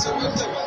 Seven, seven.